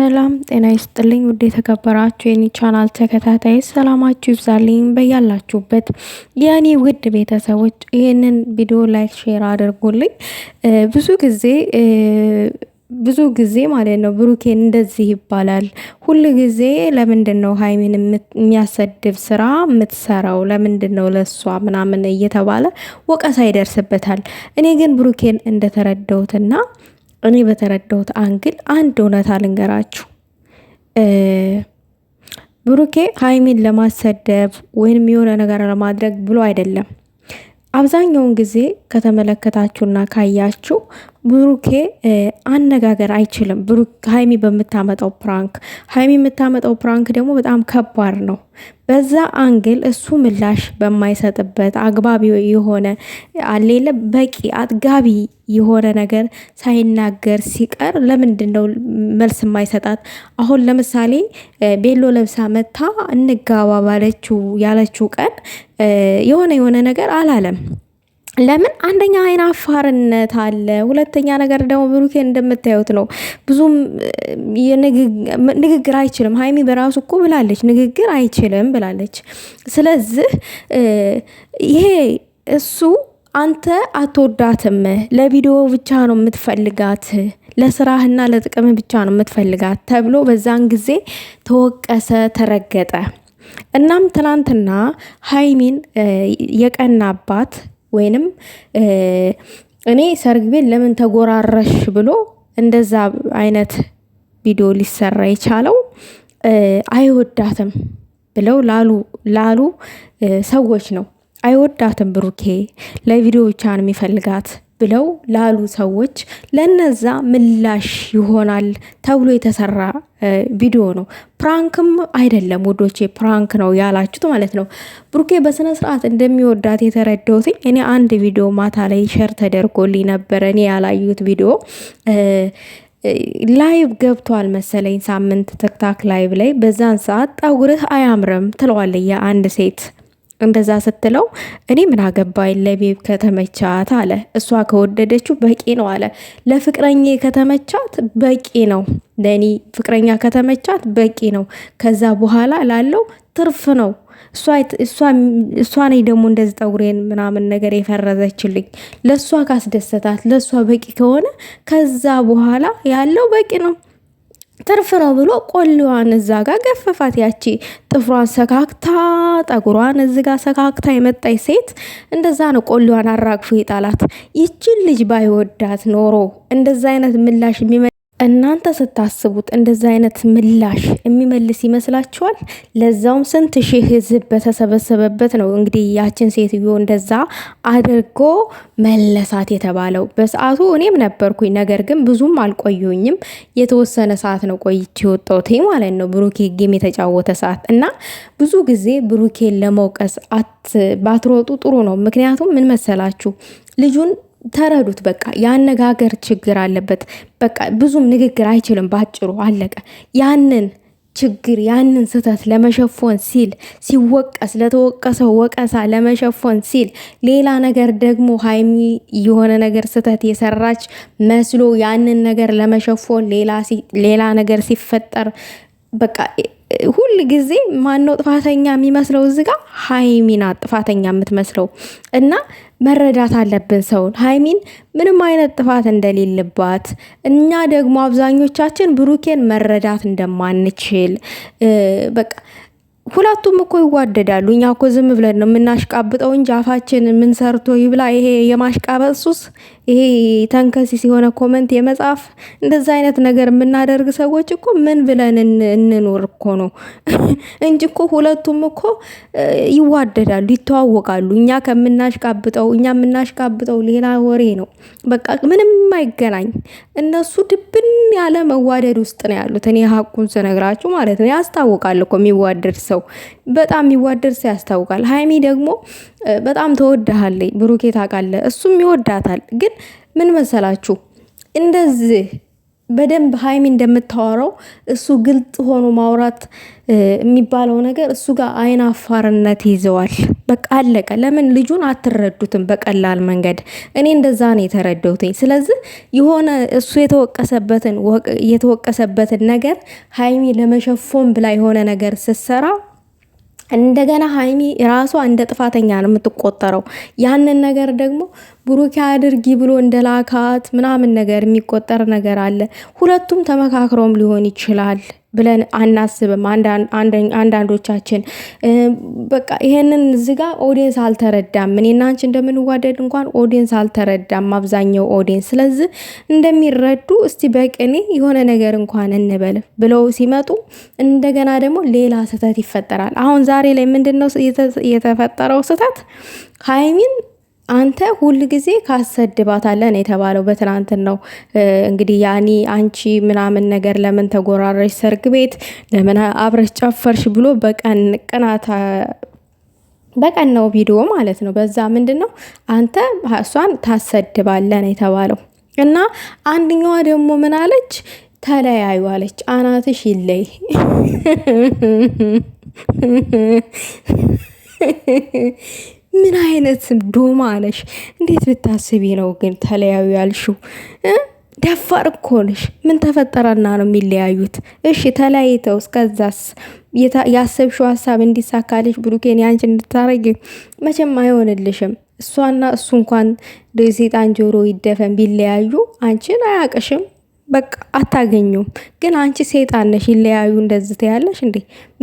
ሰላም ጤና ይስጥልኝ ውድ የተከበራችሁ የኔ ቻናል ተከታታይ ሰላማችሁ ይብዛልኝ በያላችሁበት የኔ ውድ ቤተሰቦች። ይህንን ቪዲዮ ላይክ፣ ሼር አድርጉልኝ። ብዙ ጊዜ ብዙ ጊዜ ማለት ነው ብሩኬን እንደዚህ ይባላል ሁል ጊዜ ለምንድን ነው ሀይሚን የሚያሰድብ ስራ የምትሰራው ለምንድን ነው ለእሷ ምናምን እየተባለ ወቀሳ ይደርስበታል። እኔ ግን ብሩኬን እንደተረዳሁትና እኔ በተረዳሁት አንግል አንድ እውነት አልንገራችሁ። ብሩኬ ሀይሚን ለማሰደብ ወይም የሆነ ነገር ለማድረግ ብሎ አይደለም። አብዛኛውን ጊዜ ከተመለከታችሁና ካያችሁ ብሩኬ አነጋገር አይችልም። ሀይሚ በምታመጣው ፕራንክ ሀይሚ የምታመጣው ፕራንክ ደግሞ በጣም ከባድ ነው። በዛ አንግል እሱ ምላሽ በማይሰጥበት አግባቢ የሆነ አሌለ በቂ አጥጋቢ የሆነ ነገር ሳይናገር ሲቀር ለምንድን ነው መልስ የማይሰጣት? አሁን ለምሳሌ ቤሎ ለብሳ መታ እንጋባ ባለችው ያለችው ቀን የሆነ የሆነ ነገር አላለም። ለምን አንደኛ አይን አፋርነት አለ። ሁለተኛ ነገር ደግሞ ብሩኬ እንደምታዩት ነው፣ ብዙም ንግግር አይችልም። ሀይሚ በራሱ እኮ ብላለች፣ ንግግር አይችልም ብላለች። ስለዚህ ይሄ እሱ አንተ አትወዳትም፣ ለቪዲዮ ብቻ ነው የምትፈልጋት ለስራህና ለጥቅም ብቻ ነው የምትፈልጋት ተብሎ በዛን ጊዜ ተወቀሰ፣ ተረገጠ። እናም ትናንትና ሀይሚን የቀናባት ወይንም እኔ ሰርግ ቤት ለምን ተጎራረሽ ብሎ እንደዛ አይነት ቪዲዮ ሊሰራ የቻለው አይወዳትም ብለው ላሉ ላሉ ሰዎች ነው። አይወዳትም ብሩኬ ለቪዲዮ ብቻ ነው የሚፈልጋት። ብለው ላሉ ሰዎች ለነዛ ምላሽ ይሆናል ተብሎ የተሰራ ቪዲዮ ነው። ፕራንክም አይደለም ውዶቼ፣ ፕራንክ ነው ያላችሁት ማለት ነው። ብሩኬ በስነ ስርዓት እንደሚወዳት የተረዳሁት እኔ አንድ ቪዲዮ ማታ ላይ ሸር ተደርጎልኝ ነበረ። እኔ ያላዩት ቪዲዮ ላይቭ ገብቷል መሰለኝ ሳምንት ትክታክ ላይቭ ላይ በዛን ሰዓት ጠጉርህ አያምርም ትለዋለች የአንድ ሴት እንደዛ ስትለው እኔ ምን አገባኝ ለቤብ ከተመቻት አለ። እሷ ከወደደችው በቂ ነው አለ። ለፍቅረኛ ከተመቻት በቂ ነው፣ ለእኔ ፍቅረኛ ከተመቻት በቂ ነው። ከዛ በኋላ ላለው ትርፍ ነው። እሷ ነኝ ደግሞ እንደዚ ጠጉሬን ምናምን ነገር የፈረዘችልኝ። ለእሷ ካስደሰታት ለእሷ በቂ ከሆነ ከዛ በኋላ ያለው በቂ ነው። ትርፍ ነው ብሎ ቆልዋን እዛ ጋር ገፈፋት። ያቺ ጥፍሯን ሰካክታ ጠጉሯን እዚ ጋር ሰካክታ የመጣች ሴት እንደዛ ነው ቆልዋን አራግፎ ይጣላት። ይችን ልጅ ባይወዳት ኖሮ እንደዛ አይነት ምላሽ የሚመ እናንተ ስታስቡት እንደዛ አይነት ምላሽ የሚመልስ ይመስላችኋል? ለዛውም ስንት ሺህ ህዝብ በተሰበሰበበት ነው። እንግዲህ ያችን ሴትዮ እንደዛ አድርጎ መለሳት የተባለው በሰዓቱ እኔም ነበርኩኝ። ነገር ግን ብዙም አልቆዩኝም የተወሰነ ሰዓት ነው ቆይቼ የወጣሁት ማለት ነው። ብሩኬ ጌም የተጫወተ ሰዓት እና ብዙ ጊዜ ብሩኬን ለመውቀስ ባትሮጡ ጥሩ ነው። ምክንያቱም ምን መሰላችሁ ልጁን ተረዱት። በቃ የአነጋገር ችግር አለበት። በቃ ብዙም ንግግር አይችልም። ባጭሩ አለቀ። ያንን ችግር ያንን ስህተት ለመሸፎን ሲል ሲወቀስ ለተወቀሰው ወቀሳ ለመሸፎን ሲል ሌላ ነገር ደግሞ ሀይሚ የሆነ ነገር ስህተት የሰራች መስሎ ያንን ነገር ለመሸፎን ሌላ ነገር ሲፈጠር በቃ ሁል ጊዜ ማነው ጥፋተኛ የሚመስለው? እዚ ጋ ሀይሚ ጥፋተኛ የምትመስለው እና መረዳት አለብን ሰውን ሀይሚን ምንም አይነት ጥፋት እንደሌለባት እኛ ደግሞ አብዛኞቻችን ብሩኬን መረዳት እንደማንችል በቃ ሁለቱም እኮ ይዋደዳሉ። እኛ እኮ ዝም ብለን ነው የምናሽቃብጠው እንጂ አፋችን ምን ሰርቶ ይብላ። ይሄ የማሽቃበጥ ሱስ፣ ይሄ ተንከሲስ የሆነ ኮመንት የመጻፍ እንደዛ አይነት ነገር የምናደርግ ሰዎች እኮ ምን ብለን እንኖር እኮ ነው እንጂ እኮ ሁለቱም እኮ ይዋደዳሉ፣ ይተዋወቃሉ። እኛ ከምናሽቃብጠው እኛ የምናሽቃብጠው ሌላ ወሬ ነው። በቃ ምንም አይገናኝ። እነሱ ድብን ያለ መዋደድ ውስጥ ነው ያሉት። እኔ ሀቁን ስነግራችሁ ማለት ነው። ያስታውቃል እኮ የሚዋደድ ሰው ሰው በጣም የሚዋደድ ሰው ያስታውቃል። ሀይሚ ደግሞ በጣም ተወዳሃለኝ ብሩኬ ታውቃለህ፣ እሱም ይወዳታል። ግን ምን መሰላችሁ እንደዚህ በደንብ ሀይሚ እንደምታወራው እሱ ግልጥ ሆኖ ማውራት የሚባለው ነገር እሱ ጋር አይን አፋርነት ይዘዋል። በቃ አለቀ። ለምን ልጁን አትረዱትም? በቀላል መንገድ እኔ እንደዛ ነው የተረዳሁትኝ። ስለዚህ የሆነ እሱ የተወቀሰበትን የተወቀሰበትን ነገር ሀይሚ ለመሸፎን ብላ የሆነ ነገር ስትሰራ እንደገና ሀይሚ ራሷ እንደ ጥፋተኛ ነው የምትቆጠረው። ያንን ነገር ደግሞ ብሩኪ አድርጊ ብሎ እንደ ላካት ምናምን ነገር የሚቆጠር ነገር አለ። ሁለቱም ተመካክረውም ሊሆን ይችላል። ብለን አናስብም። አንዳንዶቻችን በቃ ይሄንን እዚጋ ኦዲየንስ አልተረዳም። እኔና አንቺ እንደምንዋደድ እንኳን ኦዲየንስ አልተረዳም አብዛኛው ኦዲየንስ። ስለዚህ እንደሚረዱ እስቲ በቅኔ የሆነ ነገር እንኳን እንበል ብለው ሲመጡ እንደገና ደግሞ ሌላ ስህተት ይፈጠራል። አሁን ዛሬ ላይ ምንድን ነው የተፈጠረው ስህተት ሀይሚን አንተ ሁል ጊዜ ካሰድባታለን የተባለው በትናንትን ነው። እንግዲህ ያኒ አንቺ ምናምን ነገር ለምን ተጎራረሽ፣ ሰርግ ቤት ለምን አብረሽ ጨፈርሽ ብሎ በቀን ቅናት በቀን ነው ቪዲዮ ማለት ነው። በዛ ምንድን ነው አንተ እሷን ታሰድባለን የተባለው እና አንድኛዋ ደግሞ ምን አለች? ተለያዩ አለች። አናትሽ ይለይ ምን አይነት ዶማ ነሽ? እንዴት ብታስቢ ነው ግን ተለያዩ ያልሽው? ደፋር እኮ ነሽ። ምን ተፈጠረና ነው የሚለያዩት? እሺ ተለያይተው እስከዛስ ያሰብሽው ሀሳብ እንዲሳካልሽ ብሩኬን ያንቺ እንድታረጊ መቼም አይሆንልሽም። እሷና እሱ እንኳን ሴጣን ጆሮ ይደፈን ቢለያዩ አንቺን አያቅሽም። በቃ አታገኙም። ግን አንቺ ሴጣን ነሽ። ይለያዩ እንደዝተ ያለሽ እንዴ!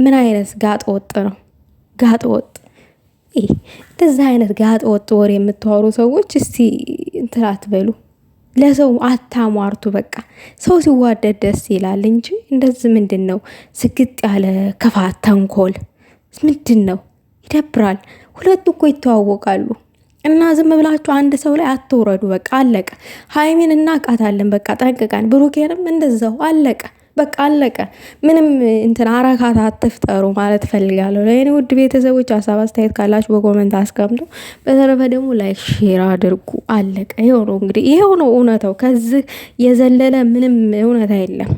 ምን አይነት ጋጥ ወጥ ነው ጋጥ ወጥ እንደዚህ አይነት ጋጥ ወጥ ወሬ የምታወሩ ሰዎች እስቲ እንትን አትበሉ፣ ለሰው አታሟርቱ። በቃ ሰው ሲዋደድ ደስ ይላል እንጂ እንደዚህ ምንድን ነው ስግጥ ያለ ክፋት፣ ተንኮል ምንድን ነው? ይደብራል። ሁለቱ እኮ ይተዋወቃሉ። እና ዝም ብላችሁ አንድ ሰው ላይ አትውረዱ። በቃ አለቀ። ሀይሜን እናቃታለን። በቃ ጠንቅቀን ብሩኬንም እንደዛው አለቀ። በቃ አለቀ። ምንም እንትን አረካት አትፍጠሩ ማለት ፈልጋለሁ። ለእኔ ውድ ቤተሰቦች ሀሳብ አስተያየት ካላችሁ በኮመንት አስቀምጡ። በተረፈ ደግሞ ላይክ ሼር አድርጉ። አለቀ። ይኸው ነው እንግዲህ ይኸው ነው እውነታው። ከዚህ የዘለለ ምንም እውነታ የለም።